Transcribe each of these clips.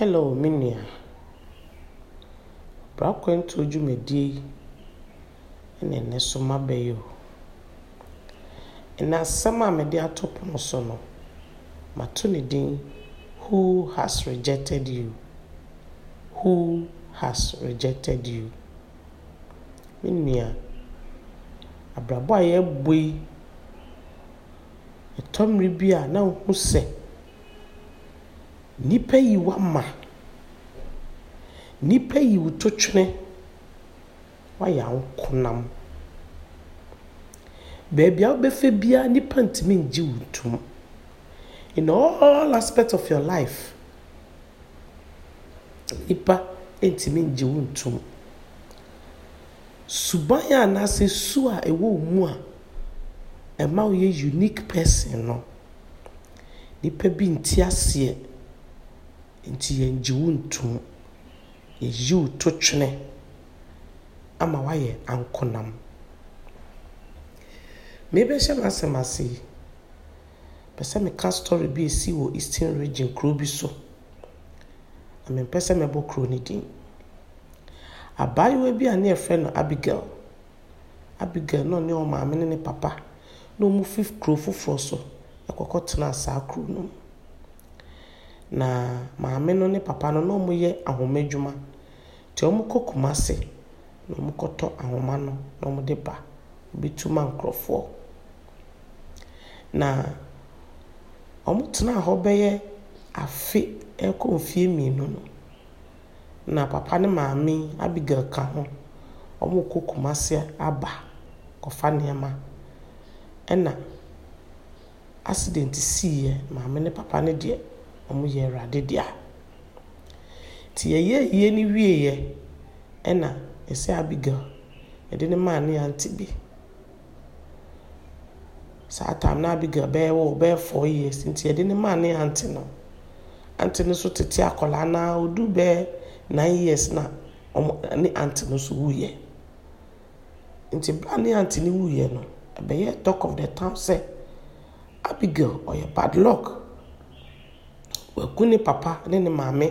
Hello me nua, bra akwantuo dwumadie yi ne nne so mabɛyɛ o. Na asɛm a mede ato pono so no, mato ne din who has rejected you? Who has rejected you? Me nua, abrabɔ a yɛabɔ yi, bi a na wohu sɛ nnipa yi wama nnipa yi woto twene wayɛ ankonam baabi a wobɛfɛ biara nnipa ntumi ngye wo tom in all aspect of your life nnipa ntumi ngye wo ntom suban a anaasɛ su a ɛwɔ wo mu a ɛma woyɛ unique person no nnipa bi nte aseɛ nti yɛngye wo nto mu yɛyi wo to twene ama woayɛ ankonam meebɛhyɛ m'asɛm ase yi pɛ sɛ meka story bi esi wɔ eastern region kuro bi so na mempɛ sɛ mɛbɔ kuro no din abaayewa bi a ne yɛfrɛ no abigail abigail na ɔne ɔmaame ne ne papa na ɔmu fi kuro foforɔ so ɛkɔkɔ tena saa kuro no mu na maame no ne papa no na yɛ ahoma adwuma nti ɔmokɔ Kumasi na ɔmokɔtɔ ahoma no na ɔmode ba bɛtu ma nkurɔfoɔ na ɔmotenaa hɔ bɛyɛ afe ɛkɔ mfeɛ mmienu no na papa ne maame Abigail ka ho ɔmokɔ Kumasi aba kɔfa nneɛma ɛna accident siiɛ maame ne papa no deɛ ɔmo yɛ awurade dea nti yɛyɛ yie ne wieɛ ɛna ɛsɛ abigail ɛde ne maa ne bi saa tam na abigail bɛyɛ wɔ bɛyɛ years nti yɛde ne maa ne ante no ante no tete na odu bɛyɛ nine years na ɔmo ne ante no nso wuyɛ nti ne ne no ɛbɛyɛ talk of the town sɛ abigail ɔyɛ bad luck. waku ne papa ne ne maame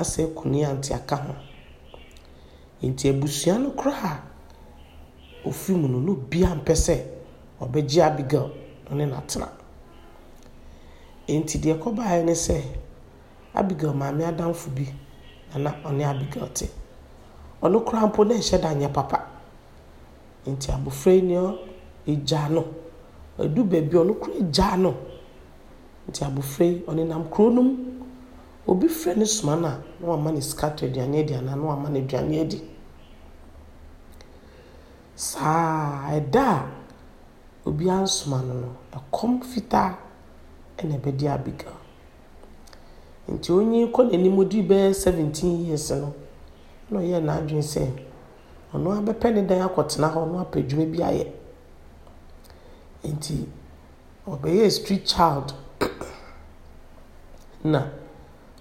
asɛ ku ne ante aka ho nti abusua no koraa ofiri mu no no bia mpɛ sɛ ɔbɛgye abigail ne n'atena nti deɛ kɔbaeɛ ne sɛ abigail maame adamfo bi na ɔne abigail te ɔno koraa mpo na ɛhyɛ da nyɛ papa nti abofra yi ne ɔgya no adu baabi ɔno koraa gya no nti abofra yi ɔnenam kuro no mu obi frɛ ne soma no a na wama ne sika tɔ aduane adi anaa na wama no aduane adi saa ɛda a obi ansoma no no ɛkɔm fitaa ɛna ɛbɛdi abigail nti onye kɔ n'anim di bɛyɛ seventeen years no na ɔyɛ n'adwene sɛ ɔno abɛpɛ ne dan akɔtena hɔ no apɛ adwuma bi ayɛ nti ɔbɛyɛ street child na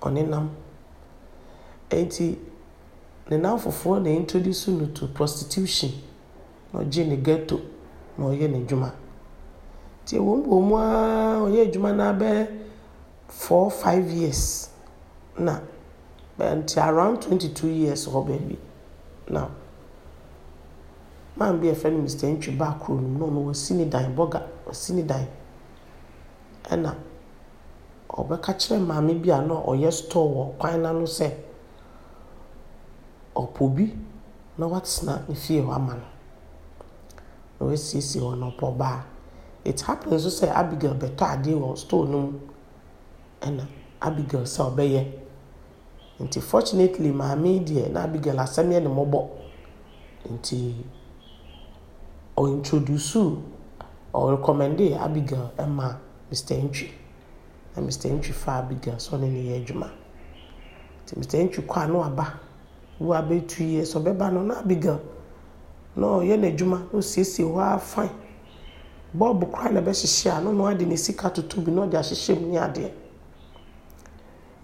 ɔne nam enti ne nam foforɔ na introduce no to prostitution na ɔgye ne ghetto na ɔyɛ n'adwuma nti ɛwɔ mu wɔ mu ara ɔyɛ adwuma no four five years na nti around twenty two years hɔ baabi na man bi a yɛfrɛ no mr ntwi baakuro no mu na ɔno wɔsi ne dan bɔga wɔsi ne dan ɛna. ɔbɛka kyerɛ maame bi a na ɔyɛ store wɔ kwan n'ano sɛ ɔpɔ bi na watena ne fie hɔ ama no na wasiesie hɔ na ɔpɔ ɔbaa it happen nso sɛ abigail bɛtɔ adeɛ wɔ store no mu ɛna abigail sɛ ɔbɛyɛ nti fortunately maame deɛ na abigail asɛm yɛ ne mmɔbɔ nti ɔintroduce ɔrekɔmɛnde abigail ɛma mr ntwi. na mr ntwi abigan bi di ne ne yɛ adwuma nti mr ntwi kɔ ano aba wo ihe yie sɛ ɔbɛba no na abigail na ɔyɛ n'adwuma na osiesie hɔ ara fine bɔɔbo kora na ɛbɛhyehyɛ a na ɔde ne sika toto bi na ɔde ahyehyɛ mu ne adeɛ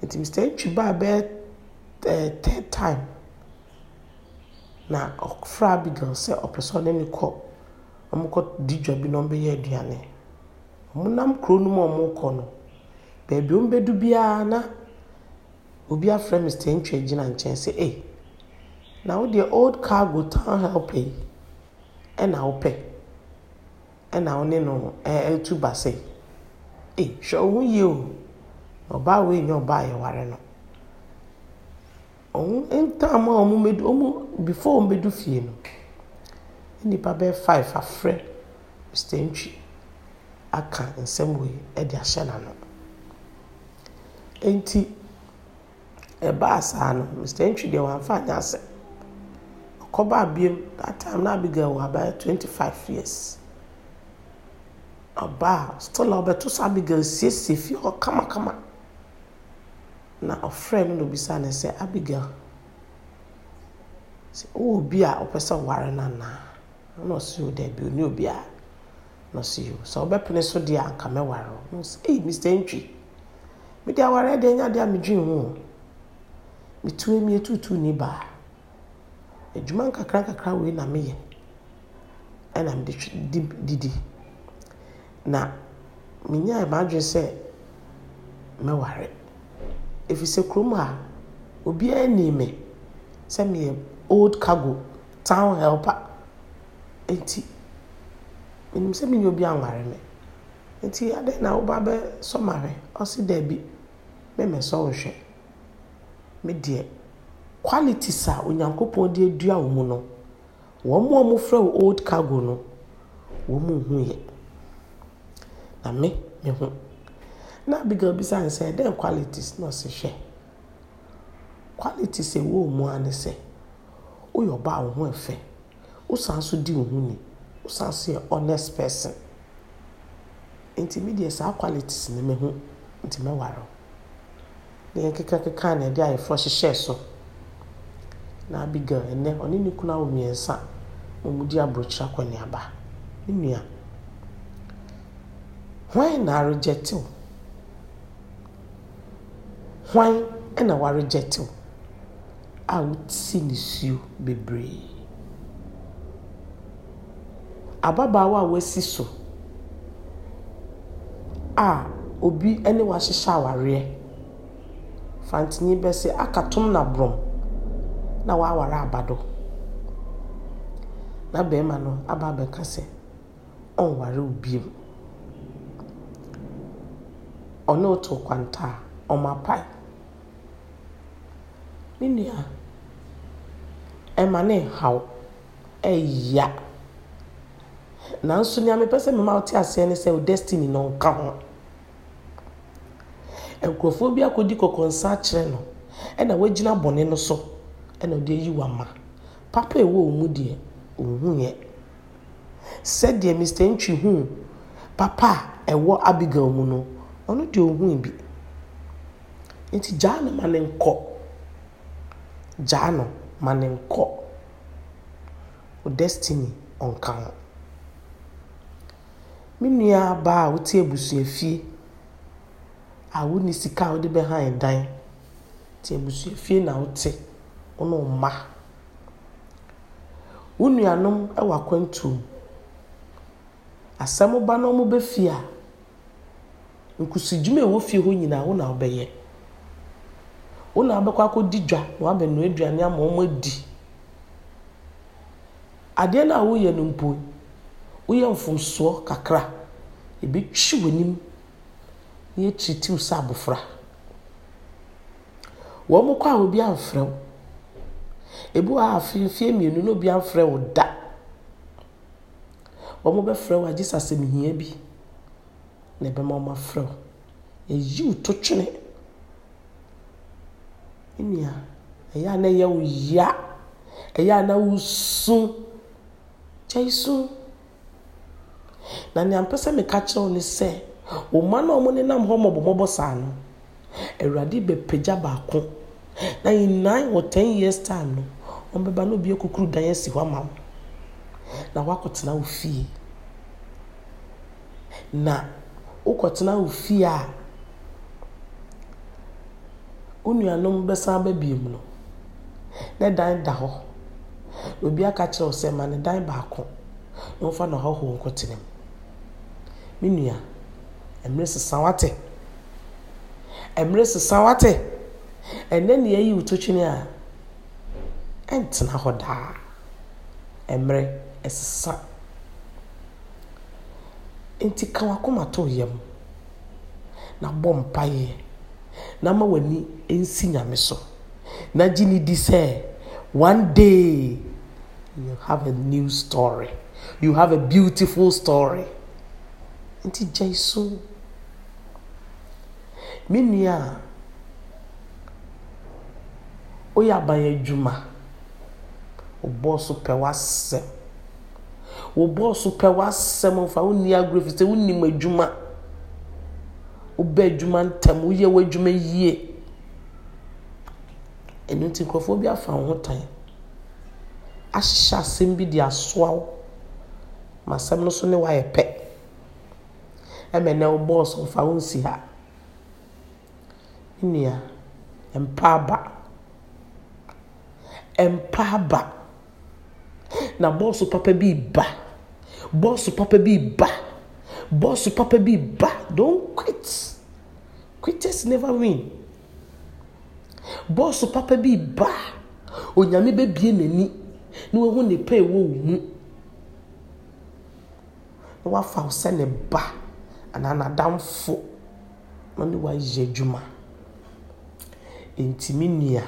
nti mr ntwi ba bɛyɛ ɛɛ eh, third time na ɔfra abigan sɛ ɔpɛ sɛ ɔne ne kɔ wɔn kɔ di dwa bi na ɔbɛyɛ aduane wɔn kuro no mu a wɔn kɔ no. baabi a ɔmbɛdu biara na obi afrɛ mr ntwa gyina nkyɛn sɛ ee na wo deɛ old cargo town helper yi ɛna wopɛ ɛna wo ne no ɛɛtu ba sɛ ee hwɛ wo ho yie o na ɔbaa wei nyɛ ɔbaa yɛware no ɔmo ntaama a ɔmo mɛdu ɔmo before ɔmo bɛdu fie no nnipa bɛyɛ five afrɛ mr ntwi aka nsɛm wei ɛde ahyɛ n'ano. nti ɛbaa saa no mr ntwi deɛ wɔamfa anyɛ asɛ ɔkɔbaa biem that time na abigail wɔ abɛyɛ twenty five years ɔbaa still ɔbɛto so abigail siesie fie hɔ kamakama na ɔfrɛ no na obisa ne sɛ abiga sɛ wowɔ obi a ɔpɛ sɛ ɔware no anaa na ɔsi o oh, daabi o ne obi a na ɔsi o oh, sɛ ɔbɛpene so deɛ anka mɛware o na ɔsi ee mr ntwi. mede awareɛ deɛ nyɛ adeɛ a medwene ho metue mie tutu ne baa adwuma nkakra nkakra wei na meyɛ ɛna mede didi na menyaa maadwene sɛ mɛware ɛfiri sɛ kurom a obiara ni me sɛ meyɛ old cargo town helper nti menim sɛ menyɛ obi anware me nti adɛn na woba bɛsɔ ma hwɛ ɔse daabi mɛmɛ sɛ ɔhwɛ me deɛ qualities a onyankopɔn de adua wo mu no wɔn a wɔfrɛ wo old cargo no wɔn mu hu yɛ na me me ho na abigail bisa n sɛ dɛn qualities na ɔsi hwɛ qualities ɛwɔ wɔn mu ano sɛ woyɛ ɔbaa wo ho ɛfɛ wosan so di wo ho ni wosan so yɛ honest person nti me deɛ saa qualities ne me ho nti mɛware wo. deɛ nkekakeka na ɛde ayeforɔ hyehyɛɛ so na abigail ɛnɛ ɔne ne kunu awo mmiɛnsa na wɔn di aburokyerɛ akɔneaba ne nua hwan na aregye tew hwan na waregye tew a wosi nisuo bebree ababaawa a wasi so a obi ne wahyehyɛ awareɛ. fantini bɛsɛ akatom na brɔm na waware aba do na barima no aba abɛka sɛ ɔnware wo biom ɔne woto kwanta a ɔma pae ne nua ɛma ne nhaw ɛya nanso nea mepɛ sɛ mema wote aseɛ ne sɛ wo destiny no nka ho nkurɔfoɔ bi akɔdi kɔkɔnsa akyerɛ no ɛna wagyina bɔne no so ɛna ɔde ayi wa ma papa ɛwɔ wɔn mu deɛ ɔnhu sɛdeɛ mr ntwi hu papa a ɛwɔ abigail mu no ɔno deɛ ɔnhu bi nti gyaa no ma ne nkɔ gyaa no ma ne nkɔ o destiny ɔnka ho me nua abaa a wote abusua fie. a wo ne sika a wode bɛhan dan nti abusuafie na wote wo ne mma wo nuanom wɔ akwantuom asɛm ba na ɔmo bɛfie a nkusudwuma a ɛwɔ fie hɔ nyinaa wo na wobɛyɛ wo na wabɛkɔ akɔdi dwa na wabɛnoa aduane ama ɔmo adi adeɛ no a woyɛ no mpo woyɛ mfomsoɔ kakra ebi twi w'anim yɛkyiritiw sɛ abofra wɔn mo kɔ a obi amfrɛ wo ebi wɔ a afeefee mmienu na obi amfrɛ wo da wɔn mo bɛfrɛ wo agye sasemihia bi na ɛbɛma wɔn afrɛ wo eyi wo twene nnua ɛyɛ a na ɛyɛ wo ya ɛyɛ a na wo sun kyɛ sun na nea mpɛ sɛ meka kyerɛ wo ne sɛ. wɔn a wɔnenam hɔ ma wɔn bɔ saa no awurade bepagya baako na in nine or ten years time no wɔn bɛba na obi akukuru dan esi hɔ ama wɔn na wakɔtena ofie na wokɔtena ofie fie a wo nuanom bɛsan bɛbiem no ne dan da hɔ obi aka kyerɛ wo sɛ ma ne dan baako na wɔmfa na ɔhɔhoɔ nkɔtena mu me nua mmerɛ sesa wate mmerɛ sesa wate ɛnɛ ne yɛyi wo totwene a ɛntena hɔ daa mmerɛ ɛsesa nti ka wakoma to yam na bɔ mpaeɛ na ma w'ani nsi nyame so na gye ne di sɛ one day you have a new story you have a beautiful story nti gyae so me nua a woyɛ aban adwuma wo bɔɔso pɛ w'asɛm wo bɔɔso pɛ w'asɛm mfa wonni agorɔ firi sɛ wonnim adwuma wobɛ adwuma ntɛm woyɛ w'adwuma yie ɛno nti nkurɔfoɔ bi afa wo ho tan ahyehyɛ asɛm bi de asoa wo ma asɛm no so ne woayɛ pɛ ɛmɛ nɛ wo bɔɔso fa wo nsi ha nnua mpaaba mpaaba na bɔɔso papa bi ba bɔɔso papa bi ba bɔɔso papa bi ba don quit quitters never win bɔɔso papa bi ba onyame bɛbie n'ani na wahu ne pa ɛwɔ wo mu na wafa wo sɛ ne ba anaa n'adamfo ɔne wa yɛ adwuma nti me nua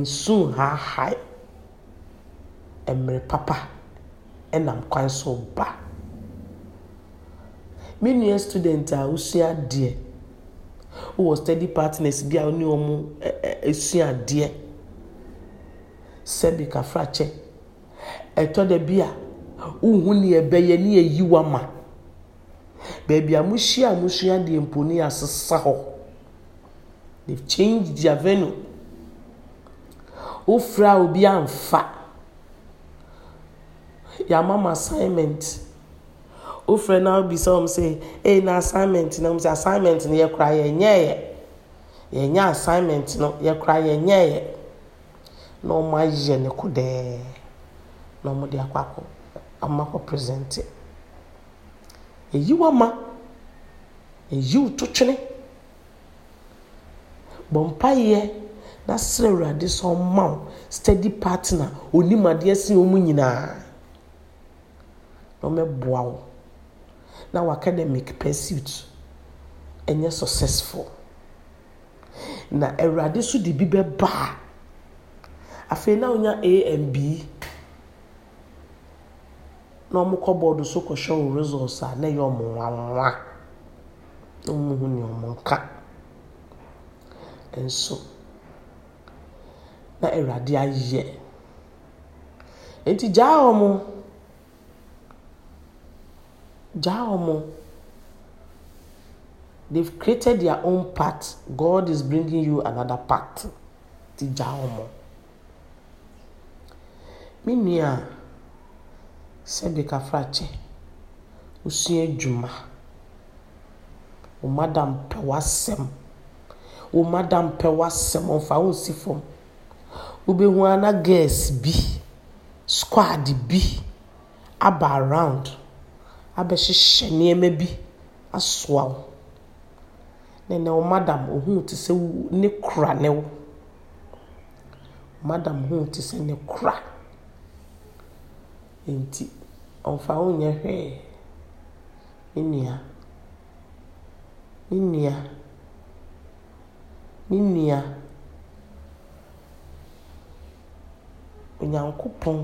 nsu nhaahaa mmerɛ papa nam kwan so ba me nua student a osua adeɛ wɔ study partners bi a ɔne wɔn esua adeɛ sɛbi kafrakyɛ ɛtɔ da bi a wohu ne ɛbɛyɛ ne ɛyi wa baabi a mohyia a mosua deɛ mpo ne asesa hɔ they've changed their venue wofra obi amfa yɛama m assignment wofrɛ no wobisa wɔm sɛ ei na assignment no sɛ assignment no yɛkora yɛnyɛɛyɛ yɛnyɛ assignment no yɛkora yɛnyɛɛyɛ na ɔmo ayɛ ne kodɛɛ na ɔmo de akɔ akɔ ama kɔ presente èyí wà má èyí wò tó twene bɔ mpaeɛ na srɛ awurade sɛ ɔma steady partner onim adeɛ si wɔn nyinaa na ɔmɛboa wo na w'academic pursuit ɛnyɛ successful na awurade so de bi bɛba afei na onya a and b na ɔmo kɔ so kɔhwɛ wɔ resɔs a na ɛyɛ ɔmo nwanwa na ɔmo ho nea ɔmo nka nso na awurade ayɛ nti gyaa ɔmo gyaa ɔmo they've created their own path god is bringing you another path ti gyaa ɔmo me nua. Sɛbeka frakyɛ, wosua adwuma, wo madam pɛ w'asɛm, wo madam pɛ w'asɛm, ɔmmfa wo nsi fam. Wobɛhu ara girls bi, squad bi aba around abɛhyehyɛ nneɛma bi asoa wo. Na madam, te sɛ ne ne wo. madam te sɛ ne nti ɔmfa wo nyɛ hwee ne nua ne nua ne nua onyankopɔn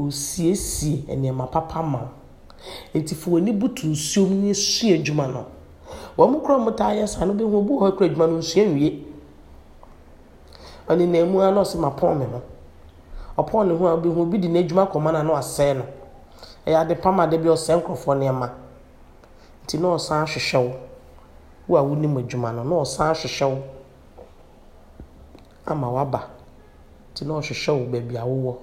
osiesie nneɛma papa ma wo nti fo w'ani butu nsuo mu ne sua adwuma no wɔn mu kora wɔn taa yɛ saa no bi wɔn bu hɔ kora adwuma no nsua nwie ɔne na emu ano ɔsi ma pɔn mi no. ɔpɔn ne ho a obi ho obi di n’edwuma kɔma na no asɛe no ɛyɛ ade pam ade bi ɔsɛe nkurɔfoɔ nneɛma nti na ɔsan hwehwɛ wo wo a wonim adwuma no na ɔsan hwehwɛ wo ama waba nti na ɔhwehwɛ wo baabi a wowɔ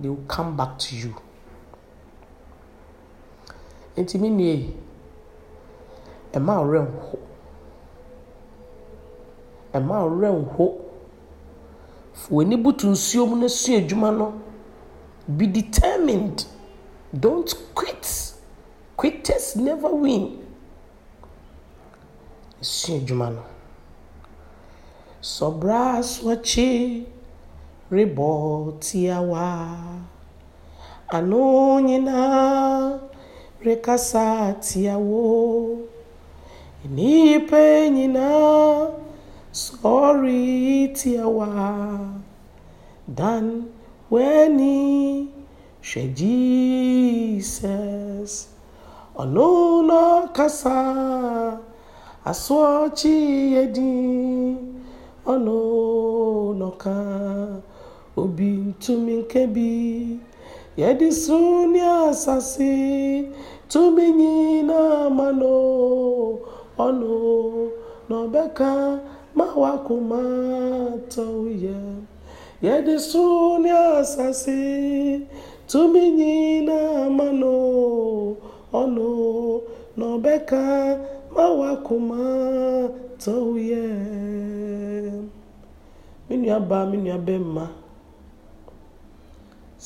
they will come back to you nti mi nie ɛma ɔwerɛ nho ɛmaa ɔwerɛ nho. fa w'ani butu nsuo mu na sua adwuma no be determined don't quit quitters never win sua adwuma no sɔbra asɔkye rebɔ tiawa ano nyinaa rekasa tiawo nnipa nyinaa. sorritewa than when he shared Jesus. Olola kasa asụọchi yedi ka obi ntumi nkebi yedisuni asasi tuminyi na manụ ọnụ n'ọbeka ya mawakumatoya yedisuni asasi na mano ono nobeka mawakumatoye me nuaba me nuabɛmma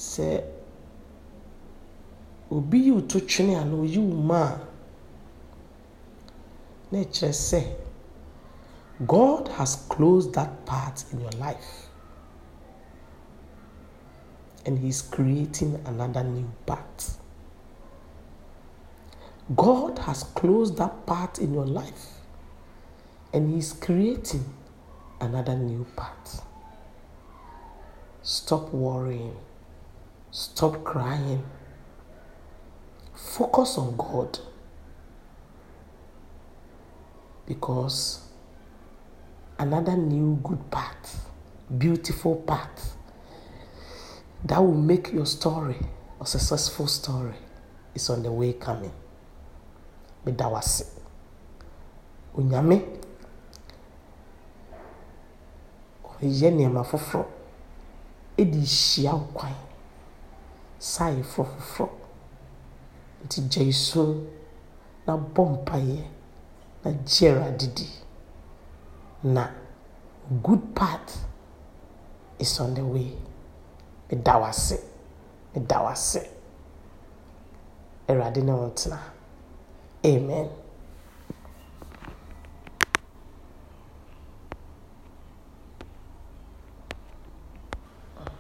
sɛ obi yi wo to twene ana oyi wo ma a na ɛkyerɛ sɛ God has closed that part in your life. And He's creating another new part. God has closed that part in your life. And He's creating another new part. Stop worrying. Stop crying. Focus on God. Because another new good path, beautiful path that will make your story a successful story is on the way coming. Meda wase. Onyame ɔyɛ nneɛma foforɔ ɛde hyia wo kwan saa yɛ foforɔ nti gye so na bɔ mpaeɛ na gye awurade na good path is on the way meda wo ase meda wo ase awurade ne wo amen